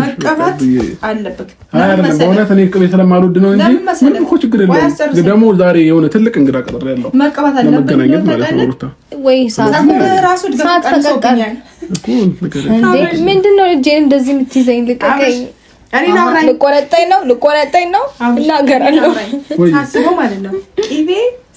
መቀባት አለበት። በእውነት እኔ ቅቤ ስለማልወድ ነው እንጂ ምንም እኮ ችግር የለውም። ደግሞ ዛሬ የሆነ ትልቅ እንግዳ ቀጠር ያለው መቀባት ለመገናኘት ማለት ነው። ሩታ ወይ ምንድን ነው እጄን እንደዚህ የምትይዘኝ? ልቀቀኝ! ልቆረጠኝ ነው፣ ልቆረጠኝ ነው። እናገራለሁ ሳስበው ማለት ነው ቅቤ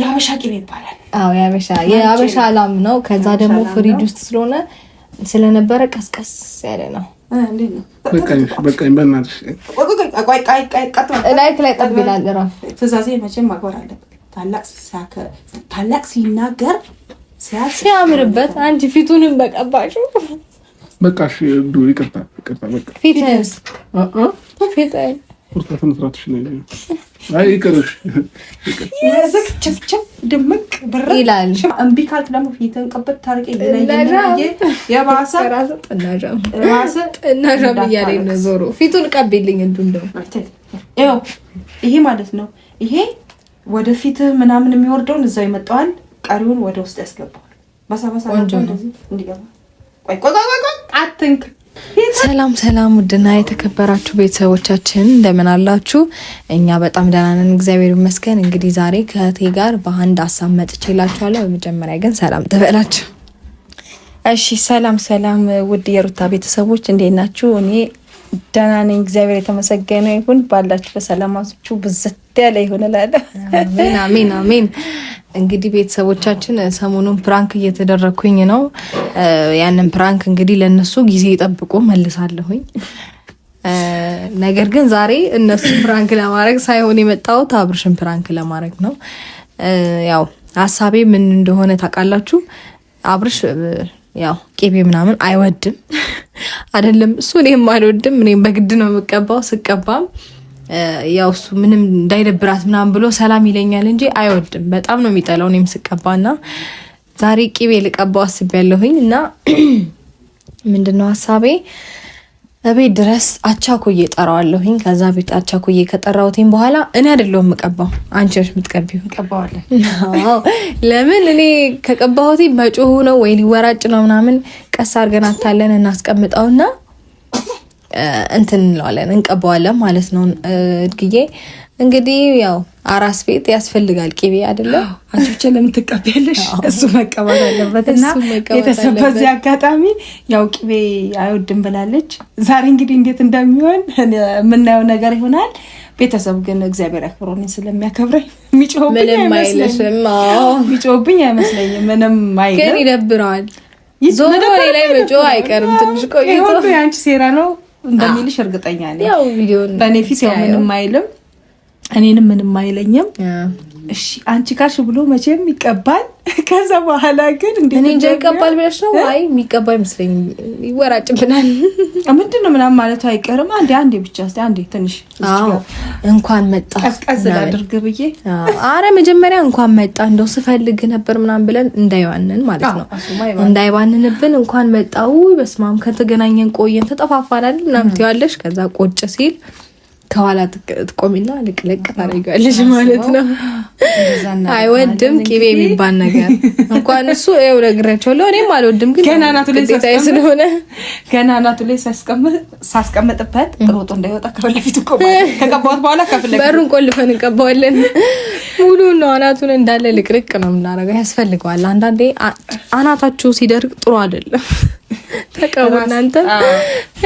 የአበሻ ቅቤ ይባላል። የአበሻ የአበሻ ላም ነው። ከዛ ደግሞ ፍሪጅ ውስጥ ስለሆነ ስለነበረ ቀስቀስ ያለ ነው። ላይክ ላይ ጠብ ይላል። ራፍ መቼም ማክበር አለበት። ታላቅ ሲናገር ሲያምርበት አንቺ ፊቱንም በቀባጩ በቃ ይቀጣል ፊት ፊት ቁርጣ ተመስራትሽ ነው። አይ ይቅርሽ፣ ይቅርሽ ችፍችፍ ድምቅ ብር ይላል። እምቢ ካልክ ደግሞ ፊትን ቅብት ታርቂ የባሰ ጥናዣም እያለኝ ነው። ዞሮ ፊቱን ቀቤልኝ እንዱን ደው ይኸው፣ ይሄ ማለት ነው። ይሄ ወደ ፊትህ ምናምን የሚወርደውን እዛው ይመጣዋል፣ ቀሪውን ወደ ውስጥ ያስገባዋል። በሳበሳ ቆንጆ ነው። እንዲገባ ቆይ ቆይ ቆይ አትንክ ሰላም ሰላም፣ ውድና የተከበራችሁ ቤተሰቦቻችን እንደምን አላችሁ? እኛ በጣም ደህና ነን፣ እግዚአብሔር ይመስገን። እንግዲህ ዛሬ ከእህቴ ጋር በአንድ ሀሳብ መጥቼላችኋለሁ። በመጀመሪያ ግን ሰላም ትበላችሁ። እሺ፣ ሰላም ሰላም፣ ውድ የሩታ ቤተሰቦች እንዴት ናችሁ? እኔ ደህና ነኝ፣ እግዚአብሔር የተመሰገነ ይሁን። ባላችሁ በሰላማችሁ ብዝት ጽድት ያለ ይሁን እላለሁ። አሜን አሜን። እንግዲህ ቤተሰቦቻችን ሰሞኑን ፕራንክ እየተደረግኩኝ ነው። ያንን ፕራንክ እንግዲህ ለእነሱ ጊዜ ጠብቆ መልሳለሁኝ። ነገር ግን ዛሬ እነሱ ፕራንክ ለማድረግ ሳይሆን የመጣሁት አብርሽን ፕራንክ ለማድረግ ነው። ያው ሀሳቤ ምን እንደሆነ ታውቃላችሁ። አብርሽ ያው ቄቤ ምናምን አይወድም አይደለም። እሱ እኔም አልወድም። እኔም በግድ ነው የምቀባው ስቀባም ያው እሱ ምንም እንዳይደብራት ምናምን ብሎ ሰላም ይለኛል እንጂ አይወድም። በጣም ነው የሚጠላው እኔም ስቀባና ዛሬ ቂቤ ልቀባው አስቤያለሁኝ እና ምንድነው ሀሳቤ እቤት ድረስ አቻኩዬ ጠራዋለሁኝ። ከዛ ቤት አቻኩዬ ከጠራሁትኝ በኋላ እኔ አይደለሁም የምቀባው፣ አንቺ ነሽ የምትቀቢው። ለምን እኔ ከቀባሁትኝ መጮሁ ነው ወይ ሊወራጭ ነው ምናምን፣ ቀስ አድርገን አታለን እናስቀምጠውና እንትን እንለዋለን እንቀባዋለን ማለት ነው። እድግዬ እንግዲህ ያው አራስ ቤት ያስፈልጋል ቅቤ አይደለ? አንቺ ብቻ ለምን ትቀቢያለሽ? እሱ መቀባት አለበት። እና ቤተሰብ በዚህ አጋጣሚ ያው ቅቤ አይወድም ብላለች። ዛሬ እንግዲህ እንዴት እንደሚሆን የምናየው ነገር ይሆናል። ቤተሰብ ግን እግዚአብሔር አክብሮኝ ስለሚያከብረኝ የሚጮህብኝ አይመስለኝም። ምንም አይልም፣ ግን ይደብረዋል። ዞሮ ላይ መጮ አይቀርም። ትንሽ ቆይቶ አንቺ ሴራ ነው እንደሚልሽ እርግጠኛ ነኝ። በእኔ ፊት ያው ምንም አይልም እኔንም ምንም አይለኝም። እሺ አንቺ ካልሽ ብሎ መቼም ይቀባል። ከዛ በኋላ ግን እኔ እንጃ ይቀባል ብለሽ ነው? አይ የሚቀባ አይመስለኝም። ይወራጭብናል ምንድን ነው ምናምን ማለቱ አይቀርም። አንዴ አንዴ ብቻ ስ አንዴ ትንሽ እንኳን መጣ ቀዝቀዝ ላድርግ ብዬ አረ መጀመሪያ እንኳን መጣ እንደው ስፈልግ ነበር ምናምን ብለን እንዳይባንን ማለት ነው እንዳይባንንብን እንኳን መጣው በስማም ከተገናኘን ቆየን ተጠፋፋናል ምናምን ትይዋለሽ። ከዛ ቆጭ ሲል ከኋላ ትቆሚና ልቅልቅ ታደርጊዋለሽ ማለት ነው። አይወድም ቅቤ የሚባል ነገር እንኳን እሱ ው ነግራቸዋለሁ። እኔም አልወድም፣ ግን ስለሆነ ገና ናቱ ላይ ሳስቀምጥበት ሮጦ እንዳይወጣ ከፍለፊት ከቀባት በኋላ ከፍለ በሩን ቆልፈን እንቀባዋለን። ሙሉ ነው አናቱን እንዳለ ልቅልቅ ነው የምናደርገው። ያስፈልገዋል። አንዳንዴ አናታችሁ ሲደርግ ጥሩ አይደለም። ተቀቡ እናንተ።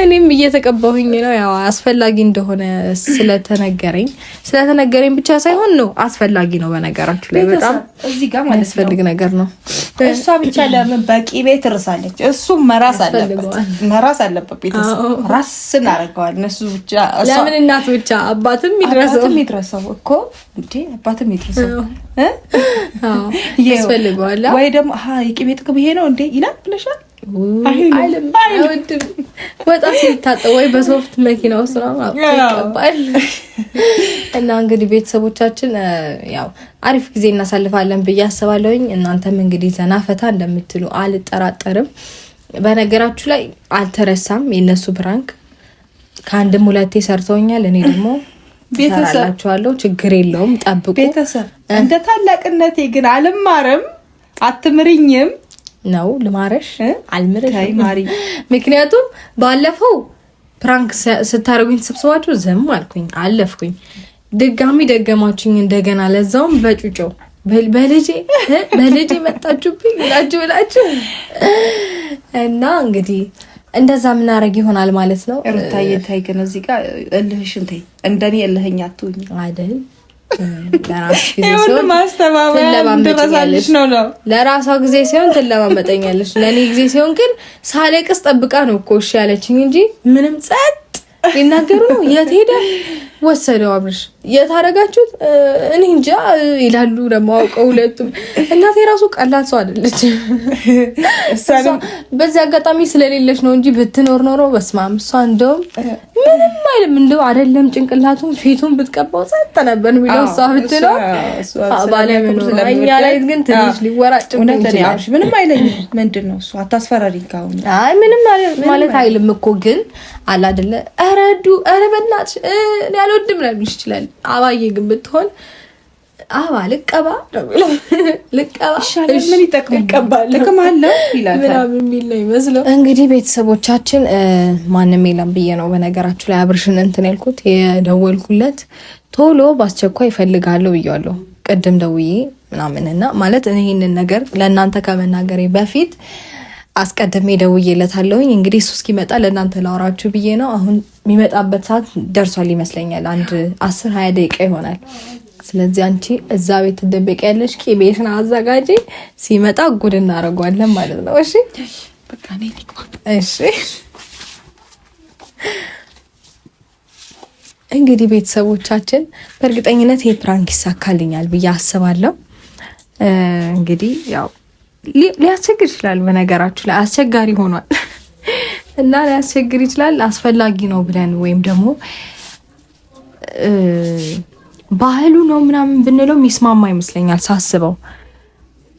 እኔም እየተቀባሁኝ ነው። ያው አስፈላጊ እንደሆነ ስለተነገረኝ ስለተነገረኝ ብቻ ሳይሆን ነው አስፈላጊ ነው። በነገራችሁ ላይ በጣም እዚህ ጋር የሚያስፈልግ ነገር ነው። እሷ ብቻ ለምን በቂ ቤት እርሳለች? እሱ መራስ አለበት፣ መራስ አለበት። ቤተሰብ ራስ እናደርገዋል። እነሱ ብቻ ለምን እናት ብቻ አባትም ይድረሰው፣ ይድረሰው እኮ እንዴ፣ አባትም ይድረሰው ያስፈልገዋል። ወይ ደግሞ ይቅቤ ጥቅም ይሄ ነው እንዴ ይላል ብለሻል አይልም አይወድም። ወጣ ሲታጠብ ወይ በሶፍት መኪና ውስጥ ይቀባል። እና እንግዲህ ቤተሰቦቻችን ያው አሪፍ ጊዜ እናሳልፋለን ብዬ አስባለሁኝ። እናንተም እንግዲህ ዘና ፈታ እንደምትሉ አልጠራጠርም። በነገራችሁ ላይ አልተረሳም የእነሱ ፕራንክ ከአንድም ሁለቴ ሰርተውኛል። እኔ ደግሞ ችግር የለውም ጠብቁ ቤተሰብ። እንደ ታላቅነቴ ግን አልማርም፣ አትምርኝም ነው ልማረሽ አልምረሽ። ምክንያቱም ባለፈው ፕራንክ ስታደርጉኝ ተሰብስባችሁ ዝም አልኩኝ አለፍኩኝ። ድጋሚ ደገማችኝ እንደገና፣ ለዛውም በጩጨው በልጄ በልጄ መጣችሁብኝ ብላችሁ ብላችሁ እና እንግዲህ እንደዛ የምናደርግ ይሆናል ማለት ነው። ሩታዬ ታይ ግን እዚህ ጋር እልህሽን ተይ፣ እንደኔ እልህኛ አትሁኝ አይደል ለራሷ ጊዜ ሲሆን ትለማመጠኛለች። ለእኔ ጊዜ ሲሆን ግን ሳለቅስ ጠብቃ ነው እኮ እሺ ያለችኝ እንጂ ምንም ጸጥ ይናገሩ ነው የት ሄደ ወሰደው አብርሽ የታረጋችሁት እኔ እንጃ ይላሉ። አውቀው ሁለቱም እናቴ ራሱ ቀላል ሰው አይደለች። በዚህ አጋጣሚ ስለሌለች ነው እንጂ ብትኖር ኖሮ በስማም እሷ እንደውም ምንም አይልም። እንደው አይደለም ጭንቅላቱን ፊቱን ብትቀባው ጸጥ ነበር የሚለው እሷ ብትኖር ባለመኖር። ላይ ግን ትንሽ ሊወራጭ ምንም አይለኝ። ምንድን ነው እሱ አታስፈራሪ። ካሁን አይ ምንም ማለት አይልም እኮ ግን አላደለ ረዱ ረበናች አልወድም ላልሽ ይችላል። አባዬ ግን ብትሆን አባ ልቀባ ልቀባ ምን ይጠቅማል ምናምን የሚል ነው ይመስለው። እንግዲህ ቤተሰቦቻችን ማንም የለም ብዬ ነው በነገራችሁ ላይ አብርሽን እንትን ያልኩት የደወልኩለት ቶሎ በአስቸኳይ ይፈልጋለሁ ብያለሁ። ቅድም ደውዬ ምናምንና ማለት ይህንን ነገር ለእናንተ ከመናገሬ በፊት አስቀድሜ ደውዬለታለሁኝ። እንግዲህ እሱ እስኪመጣ ለእናንተ ላወራችሁ ብዬ ነው። አሁን የሚመጣበት ሰዓት ደርሷል ይመስለኛል። አንድ አስር ሀያ ደቂቃ ይሆናል። ስለዚህ አንቺ እዛ ቤት ትደበቂ ያለሽ፣ ቂቤሽን አዘጋጂ። ሲመጣ ጉድ እናደርገዋለን ማለት ነው። እሺ፣ እሺ። እንግዲህ ቤተሰቦቻችን በእርግጠኝነት ይሄ ፕራንክ ይሳካልኛል ብዬ አስባለሁ። እንግዲህ ያው ሊያስቸግር ይችላል። በነገራችሁ ላይ አስቸጋሪ ሆኗል እና ሊያስቸግር ይችላል። አስፈላጊ ነው ብለን ወይም ደግሞ ባህሉ ነው ምናምን ብንለው የሚስማማ ይመስለኛል ሳስበው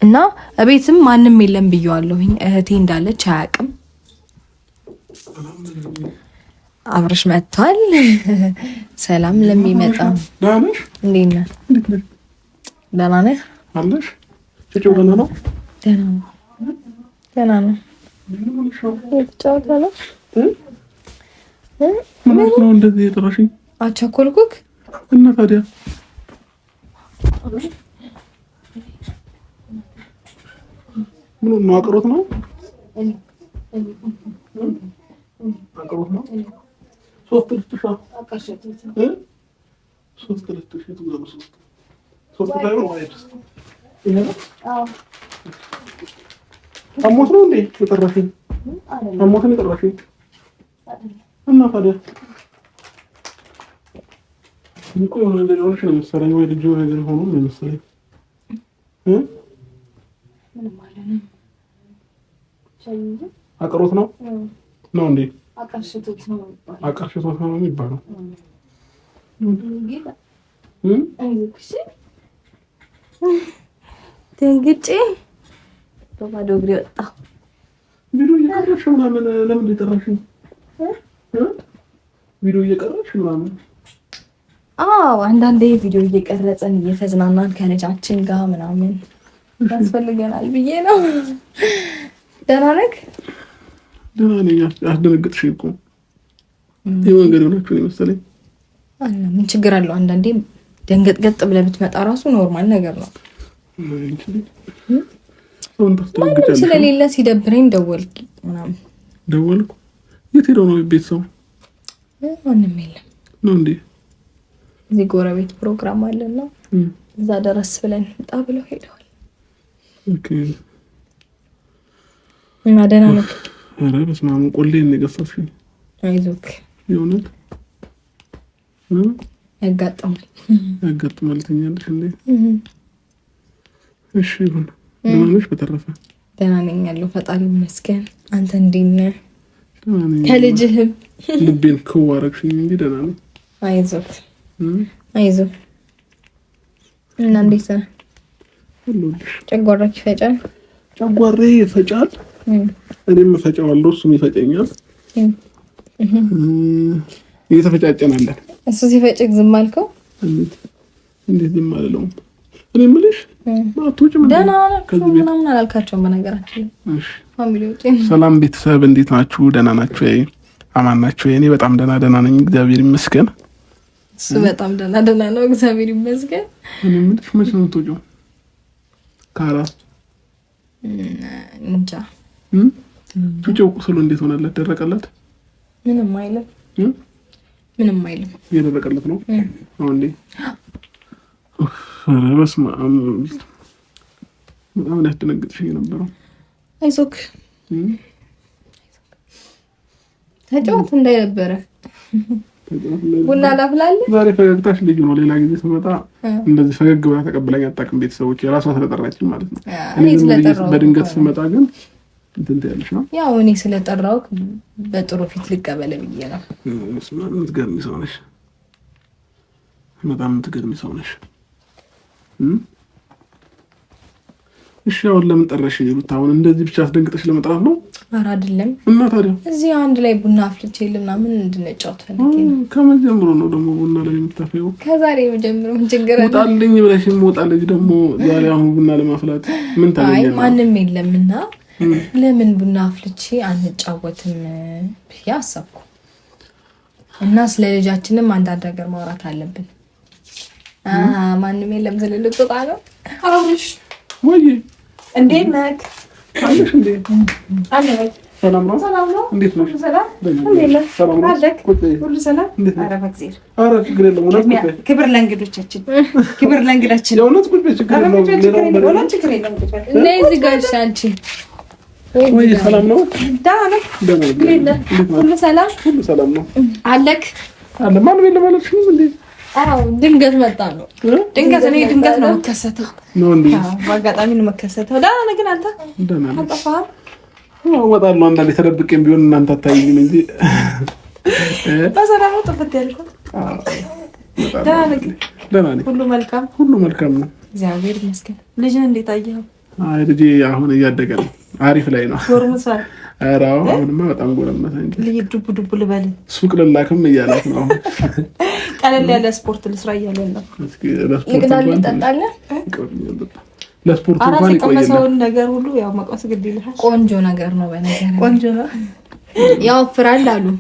እና እቤትም ማንም የለም ብየዋለሁ። እህቴ እንዳለች አያውቅም። አብረሽ መጥቷል። ሰላም ለሚመጣ እንዴት ነህ? ደህና ነህ? ደህና ነው። የተጫወተ ነው። ምናምን ነው እንደዚህ የጠራሽኝ? አቻኮልኩክ እና ታዲያ ምን ነው አቅሮት ነው አቅሮት ነው። ሶስት ልትሻ ሶስት ልትሽ ሶስት አሞት ነው እንዴ የጠራሽኝ? አሞት ነው የጠራሽኝ? እና ታዲያ እኮ የሆነ ልጅ ሆነሽ ነው የምትሰሪኝ ወይ ልጅ የሆነ ሆኖ ነው የምትሰሪኝ አቅሮት ነው ነው እንዴ አቀርሽቶት ነው የሚባለው ደንግጬ በባዶ እግሬ ወጣሁ። ቪዲዮ እየቀረሽ ምናምን ለምን የጠራሽ? ቪዲዮ እየቀረሽ ምናምን? አዎ አንዳንዴ ቪዲዮ እየቀረጽን እየተዝናናን ከልጃችን ጋር ምናምን ያስፈልገናል ብዬ ነው። ደህና ነህ? ደህና ነኝ። አስደነገጥሽ እኮ የመንገድ ሆናችሁ የመሰለኝ። ምን ችግር አለው? አንዳንዴ ደንገጥገጥ ብለህ ብትመጣ ራሱ ኖርማል ነገር ነው። ማንም ስለሌለ ሲደብረኝ ደወልክ ምናምን ደወልኩ። የት ሄደው ነው ቤተሰቡ? ማንም የለም ነው እንዴ? እዚህ ጎረቤት ፕሮግራም አለና እዛ ደረስ ብለን ጣ ብለው ሄደዋል። እና ደህና ነህ? ኧረ በስመ አብ ቆሌን ነው የገፋሽኝ። የእውነት ያጋጥማል ያጋጥማል። ትኛለሽ እንዴ? እሺ ይሁን ለማኖች በተረፈ ደህና ነኝ ያለው ፈጣሪ ይመስገን። አንተ እንዴት ነህ? ከልጅህም ልቤን ክው አደረግሽኝ እንጂ ደህና ነኝ። አይዞህ አይዞህ። እና እንዴት ነህ? ጨጓራክ ይፈጫል? ጨጓሬ ይፈጫል። እኔም እፈጫዋለሁ፣ እሱም ይፈጨኛል። እየተፈጫጨናለን። እሱ ሲፈጭግ ዝም አልከው? እንዴት ዝም አልለውም። እኔ የምልሽ ምናምን አላልካቸውም። በነገራችን ሰላም ቤተሰብ እንዴት ናችሁ? ደህና ናችሁ? አማን ናችሁ? እኔ በጣም ደህና ደህና ነኝ፣ እግዚአብሔር ይመስገን። እሱ በጣም ደህና ደህና ነው፣ እግዚአብሔር ይመስገን። እኔ የምልሽ መቼ ነው የምትወጪው? ከአራት እንጃ ጩጬው ቁስሉ እንዴት ሆነለት? ደረቀለት? ምንም አይልም፣ ምንም አይልም። እየደረቀለት ነው አሁን በስመ አብ በጣም ያስደነግጥሽኝ ነበረው። አይዞክ ተጫወት እንዳይነበረ ቡና ላፍላለህ። ዛሬ ፈገግታሽ ልዩ ነው። ሌላ ጊዜ ስመጣ እንደዚህ ፈገግ ብላ ተቀብላኝ አታውቅም። ቤተሰቦች የራሷ ስለጠራችኝ ማለት ነው። በድንገት ስመጣ ግን እንትን ትያለሽ ነው። ያው እኔ ስለጠራው በጥሩ ፊት ልቀበል ብዬ ነው። የምትገርሚ ሰው ነሽ። በጣም የምትገርሚ ሰው ነሽ። እሺ አሁን ለምን ጠራሽኝ? ሩት አሁን እንደዚህ ብቻ አስደንግጠሽ ለመጥራት ነው? ኧረ አይደለም። እና ታዲያ እዚህ አንድ ላይ ቡና አፍልቼ ምናምን እንድንጫወት ፈልጌ ነው። ከመቼ ጀምሮ ነው ደግሞ ቡና ላይ የምታፈው? ከዛሬ ጀምሮ ችግር አለ። ውጣልኝ ብለሽ ወጣለች ደግሞ ዛሬ አሁን ቡና ለማፍላት ምን ታገኛለሽ? ማንም የለም እና ለምን ቡና አፍልቼ አንጫወትም ብዬ አሰብኩ እና ስለ ልጃችንም አንዳንድ ነገር ማውራት አለብን ማንም የለም ነው። አብርሽ ወይ እንዴት ነህ? አለሽ እንዴ? አለ ሰላም ነው። ሰላም ነው። እንዴት ነው? ሰላም ነው። አለክ ሁሉ ሰላም። ችግር የለም። እውነት ክብር ለእንግዶቻችን፣ ክብር ለእንግዳችን። የእውነት ችግር የለም። ችግር የለም። እና አንቺ ወይ ሰላም ነው። ደህና ነው። ሁሉ ሰላም፣ ሁሉ ሰላም ነው። አለክ አለ ማንም የለም አለሽ እንዴ? ድንገት መጣ ነው። ድንገት እኔ ድንገት ነው የምከሰተው። በአጋጣሚ ነው የምከሰተው። ደህና ነህ ግን አንተ አልጠፋህም። እወጣለሁ አንዳንዴ ተደብቄም ቢሆን እናንተ አታይኝም እንጂ ጥፍት ያልኩት። ደህና ነህ ግን? ደህና ነኝ። ሁሉ መልካም ሁሉ መልካም ነው። እግዚአብሔር ይመስገን። ልጅን እንዴት አየኸው? ልጄ አሁን እያደገ ነው። አሪፍ ላይ ነው። ጎርምሷል ኧረ አሁንማ በጣም ጎረመሰ እንጂ ልሂድ ልበል ሱቅ ልላክም እያላት ነው። ቀለል ያለ ስፖርት ልስራ እያለ ነው። እንኳን ነገር ሁሉ ያው ግድ ይልሃል። ቆንጆ ነገር ነው፣ በነገር ቆንጆ ነው። አሉ።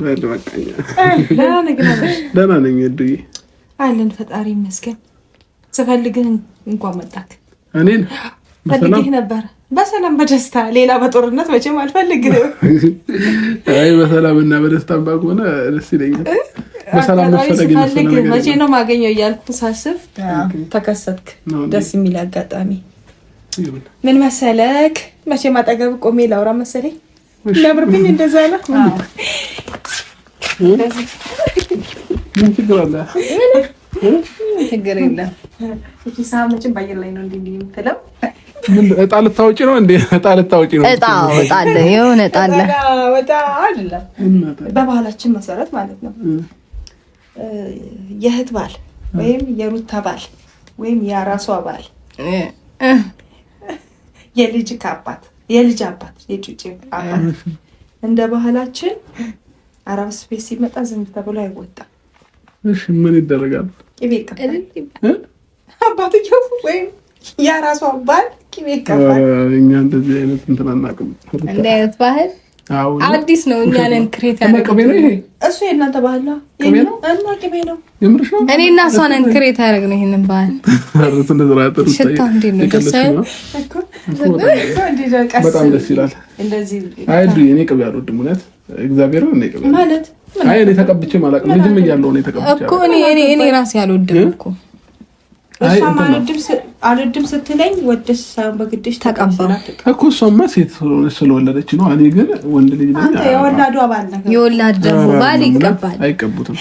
በል ደህና ነኝ እድዬ አለን። ፈጣሪ ይመስገን። ስፈልግህ እንኳን መጣክ። እኔን ፈልግህ ነበረ በሰላም በደስታ ሌላ በጦርነት መቼም አልፈልግም። አይ በሰላም እና በደስታ ባ ባሆነ ደስ ይለኛል። በሰላም መፈለግ መቼ ነው ማገኘው እያልኩ ሳስብ ተከሰትክ። ደስ የሚል አጋጣሚ ምን መሰለክ፣ መቼ ማጠገብ ቆሜ ላውራ መሰለኝ ነብርብኝ እንደዛ ነው። ምን ችግር አለ? ችግር የለም። ሳመችን ባየር ላይ ነው እንዲ የምትለው እጣ ልታወጪ ነው እንዴ? እጣ ልታወጪ ነው? እጣ እጣ አለ፣ የሆነ እጣ አለ። በባህላችን መሰረት ማለት ነው። የእህት ባል ወይም የሩታ ባል ወይም የራሷ ባል የልጅ ከአባት የልጅ አባት የጩጭ አባት እንደ ባህላችን አረብ ስፔስ ሲመጣ ዝም ተብሎ አይወጣም። እሺ ምን ይደረጋል? ቅቤ ይቀባል አባትየው ወይም የራሷ ባል ቅቤ ይቀባል። እኛ እንደዚህ አይነት እንትን አናውቅም። አይነት ባህል አዲስ ነው። እኛንን ክሬት ያደረግነው። እሱ የእናንተ ባህል ነው ቅቤ ነው። እኔ እና እሷ ነን ክሬት ያደረግነው ባህል። ሽታ እንዴት ነው? ደስ በጣም ደስ ይላል። አይ እኔ ቅቤ አልወድም እውነት እግዚአብሔር ነው። እኔ ቅቤ ማለት አይ እኔ ተቀብቼ አላውቅም። ልጅም እያለሁ ነው የተቀብቼ እኮ እኔ እኔ ራሴ አልወድም እኮ አልወድም ስትለኝ ወደስ ሳይሆን በግድሽ ተቀባ እኮ። እሷማ ሴት ስለወለደች ነው። እኔ ግን ወንድ ልጅ የወላዱ አባል ነው። የወላድ ደግሞ ባል ይቀባል፣ አይቀቡትም።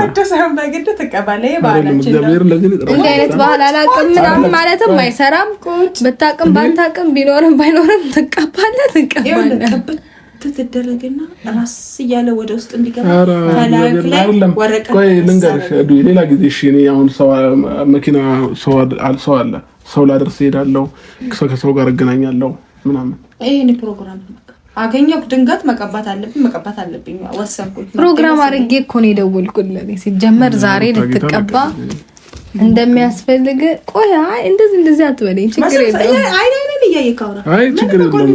ወደ ሳይሆን አይነት ባህል አላውቅም ምናምን ማለትም አይሰራም። ብታውቅም ባታውቅም ቢኖርም ባይኖርም ትቀባለህ፣ ትቀባለህ ክትት ራስ እያለ ወደ ውስጥ እንዲገባ ልንገርሽ፣ ሌላ ጊዜ እሺ። እኔ አሁን መኪና ሰው አለ፣ ሰው ላደርስ እሄዳለሁ፣ ከሰው ጋር እገናኛለሁ ምናምን። ይህ ፕሮግራም አገኘሁ፣ ድንገት መቀባት አለብኝ፣ መቀባት አለብኝ ወሰንኩኝ። ፕሮግራም አድርጌ እኮ ነው የደወልኩልህ። ሲጀመር ዛሬ ልትቀባ እንደሚያስፈልግ ቆይ፣ እንደዚህ እንደዚህ አትበለኝ፣ ችግር የለውም ፊልም እያየህ አውራ። አይ ችግር የለውም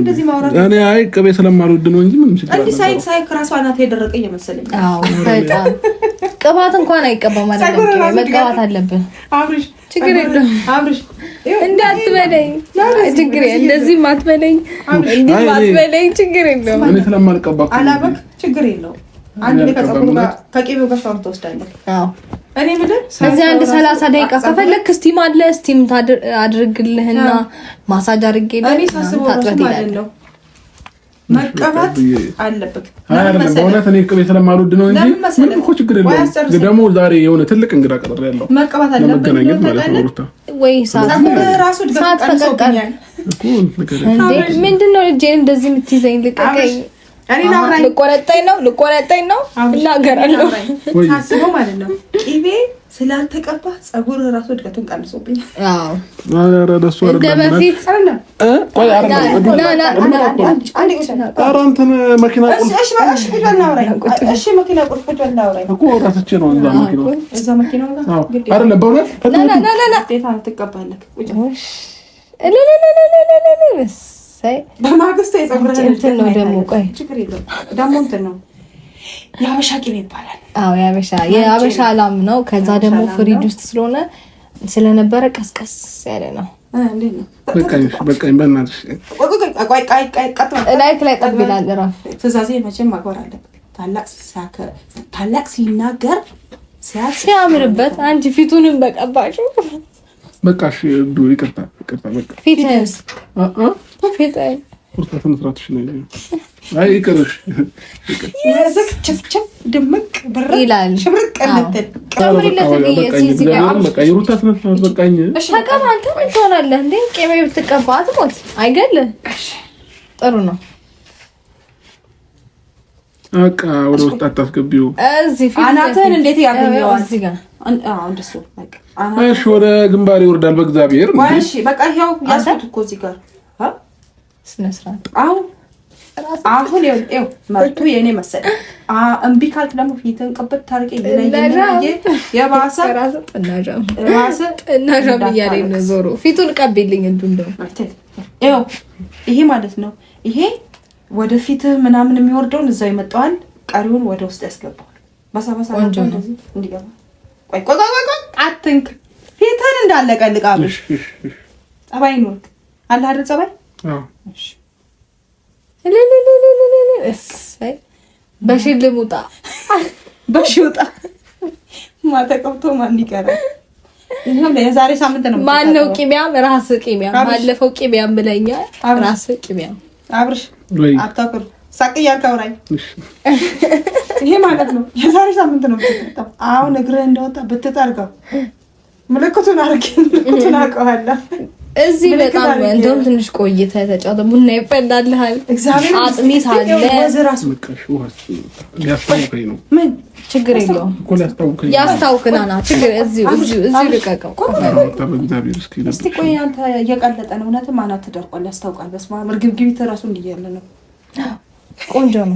እኔ አይ ቅቤ ስለማልወድ ነው እንጂ ምንም ችግር የለውም። ሳይክ ሳይክ ራሷ ናት የደረቀኝ የመሰለኝ። አዎ ቅባት እንኳን አይቀባም ማለት ነው። መቀባት አለብህ አብርሽ። ችግር የለውም አብርሽ እንዳትበለኝ ችግር እንደዚህ ማትበለኝ እንዲህ ማትበለኝ ችግር የለውም። እኔ ስለማልቀባ አላበቅ ችግር የለውም። አንድ ከጸጉሩ ጋር ከቅቤው ጋር ሻወር ትወስዳለህ። አዎ እዚህ አንድ ሰላሳ ደቂቃ ከፈለክ ስቲም አለ። ስቲም አድርግልህና ማሳጅ አድርጌ መቀባት አለበት። በእውነት እኔ ስለማልወድ ነው እንጂ ምንም እኮ ችግር የለውም። ደግሞ ዛሬ የሆነ ትልቅ እንግዳ ቀጠር ያለው መቀባት አለበት ማለት ነው። ሩታ ወይ ሰዓት ፈቀቀል ምንድን ነው? ልጄን እንደዚህ የምትይዘኝ ልቀቀኝ ልቆረጠኝ ነው ልቆረጠኝ ነው እናገራለሁ ሳስበው ማለት ነው። ቅቤ ስላልተቀባ ጸጉር ራሱ እድገቱን ቀንሶብኛል። መኪና ሳይ በማግስቱ እንትን ነው ደግሞ ቆይ ነው የአበሻ ቅቤ ይባላል። የአበሻ የአበሻ ላም ነው። ከዛ ደግሞ ፍሪጅ ውስጥ ስለሆነ ስለነበረ ቀስቀስ ያለ ነው። ላይት ላይ ጠብ ይላል። ትእዛዜ መቼም ማክበር አለበት። ታላቅ ሲናገር ሲያምርበት አንቺ ፊቱንም በቀባጭ በቃሽ ዱ ይቅርታ፣ ይቅርታ፣ በቃ ፊትስ ቁርጣ መስራትሽ ነው። አይ ይቅርሽ፣ ችፍችፍ ድምቅ ብር ይላል ሽብርቅ ልትል በቃ የሩታ ስነ ስርዓት በቃኝ። ተቀባ አንተ ምን ትሆናለህ እንዴ? ብትቀባ አትሞት ጥሩ ነው። በቃ ወደ ውስጥ አታስገቢው። እዚህ ፊት አናትህን እንዴት ያገኘዋል እዚህ ጋር እሺ ወደ ግንባር ይወርዳል። በእግዚአብሔር እሺ፣ በቃ ያው ያስኩት እኮ እዚህ ጋር ስነ ስርዓት። አሁን ይኸው መርቱ የእኔ መሰለኝ። እምቢ ካልክ ደግሞ ፊትን ቅብት ታርቄ የባሰ ጥናዣም ዞሮ ፊቱን ቀቤልኝ እንዱ እንደው ይኸው ይሄ ማለት ነው። ይሄ ወደፊት ምናምን የሚወርደውን እዛው ይመጣዋል። ቀሪውን ወደ ውስጥ ያስገባዋል። በሳበሳ እንዲገባ ቆይ ቆይ ቆይ ቆይ አትንክ። ፊትህን እንዳለቀ ልቃብሽ። ጸባይ ኖርክ አለ አይደል? ጸባይ በሽልሙጣ በሽውጣ ማታ ቀብቶ ማን ይቀራል? የዛሬ ሳምንት ነው። ማን ነው ቂሚያም? ራስ ቂሚያም። ባለፈው ቂሚያም ብለኛል። ራስ ቂሚያም አብርሽ አታኩር ሳቅ እያልከው ይሄ ማለት ነው የዛሬ ሳምንት ነው የምትጠጣው። አሁን እግርህ እንደወጣ ብትጠርገው ምልክቱን አርግ፣ ምልክቱን አውቀዋለሁ። እዚህ በጣም እንደውም ትንሽ ቆይተ ተጫወተ ቡና ይፈላልሃል። አጥሚት አለ። ምን ችግር የለውም። ና ችግር እዚሁ እዚሁ ልቀቀው። ነው። ያስታውቃል። ነው። ቆንጆ ነው።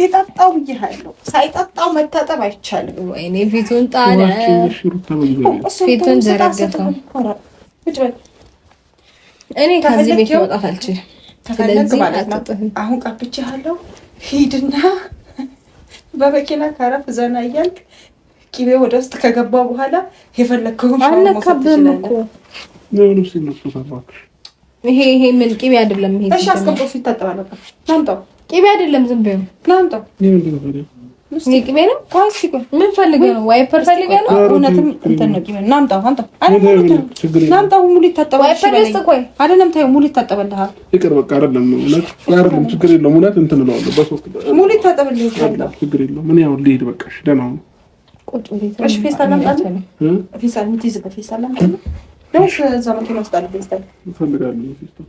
የጠጣው ብያለሁ። ሳይጠጣው መታጠብ አይቻልም። ወይኔ ፊቱን ጣለ። ፊቱን ዘረገፈው። እኔ ከዚህ ቤት መውጣት አልችልም። አሁን ቀብቼሃለሁ። ሂድና በመኪና ካረፍ ዘና እያልክ ቂቤ ወደ ውስጥ ከገባ በኋላ የፈለግከውን አልነካብህም እኮ ይሄ ይሄ ምን ቂቤ አይደለም። ይሄ እሺ፣ አስቀምጦ ፊት ናምጣው ቅቤ አይደለም፣ ዝም ብሎ ላምጣ። ቅቤ ነው ኳስ ሲቆይ ምን ፈልገህ ነው? ዋይፐር ፈልገህ ነው? እውነትም እንትን ነው። ቅቤ ናምጣ፣ ናምጣ። ሙሉ ይታጠባል። ሙሉ ይታጠበልሃል። ይቅር በቃ አይደለም። ችግር የለውም። እውነት እንትን እለዋለሁ። ሙሉ ይታጠበልሃል። ችግር የለውም። እኔ ያው ልሄድ በቃ። እሺ፣ ደህና ሁኑ። እሺ፣ ፌስታል ላምጣልህ። ፌስታል የምትይዝበት ፌስታል ላምጣልህ። እዛ መኪና ውስጥ አለ ፌስታል። እፈልጋለሁ ፌስታል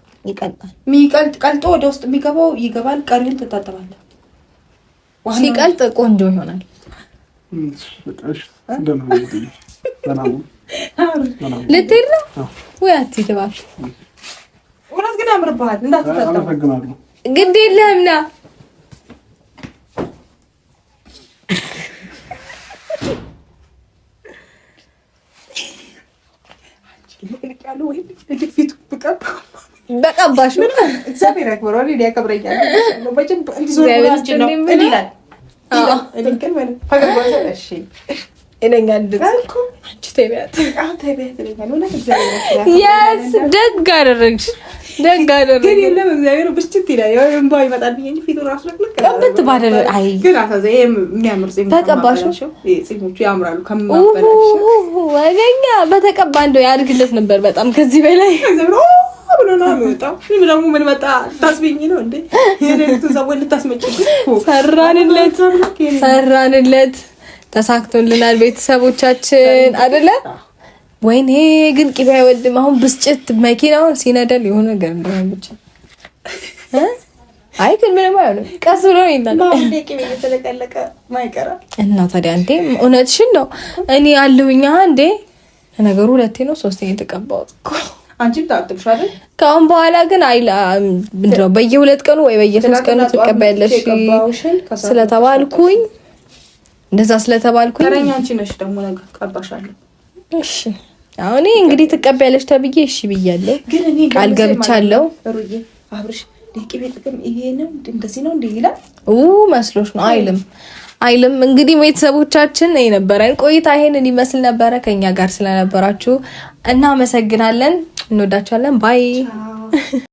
ይቀልጣል። የሚቀልጥ ቀልጦ ወደ ውስጥ የሚገባው ይገባል። ቀሪውን ትታጠባለህ። ሲቀልጥ ቆንጆ ይሆናል። ልትሄድ ነው ወይ? አትሂድ እባክህ። ምናምን ግን ያምርብሃል። እንዳትታጠብ ግድ የለህም ና ፊቱ ብቀባው በቀባሽ እግዚአብሔር ያክብረው። እኔ ያከብረኛል ደግ አደረግሽ፣ ደግ አደረግሽ። የለም እግዚአብሔር ብስጭት ይላል። እንባ ይመጣል ፊቱ ቀብት ያምራሉ። ወገኛ በተቀባ እንደው ያድግለት ነበር በጣም ከዚህ በላይ ብሎ ነው የሚወጣው። ደግሞ ምን መጣ ነው እንዴ? የሌሊቱን ሰዎች ሰራንለት ሰራንለት፣ ተሳክቶልናል ቤተሰቦቻችን አይደለ? ወይኔ ግን ቅቤ አይወድም። አሁን ብስጭት መኪናውን ሲነደል የሆነ ነገር እንደሆነ ብቻ አይ ግን ምንም አይሆንም። ቀስ ብሎ እና ታዲያ እንዴ እውነትሽን ነው እኔ አለሁኛ እንዴ። ነገሩ ሁለቴ ነው ሶስተኛ የተቀባሁት እኮ አንቺም ታጥብሽ አይደል? ከአሁን በኋላ ግን አይ ምንድነው በየሁለት ቀኑ ወይ በየሶስት ቀኑ ትቀበያለሽ ስለተባልኩኝ እንደዛ ስለተባልኩኝ ተረኛ አንቺ ነሽ። ደግሞ ነገር ቀባሻለሁ። እሺ አሁን እንግዲህ ትቀበያለሽ ተብዬ እሺ ብያለሁ፣ ቃል ገብቻለሁ። ሩዬ አብርሽ ቅቤ ጥቅም ይሄ ነው እንደዚህ ነው እንዲህ ይላል መስሎሽ ነው? አይልም አይልም። እንግዲህ ቤተሰቦቻችን የነበረን ቆይታ ይሄንን ይመስል ነበረ። ከኛ ጋር ስለነበራችሁ እናመሰግናለን። እንወዳችኋለን። ባይ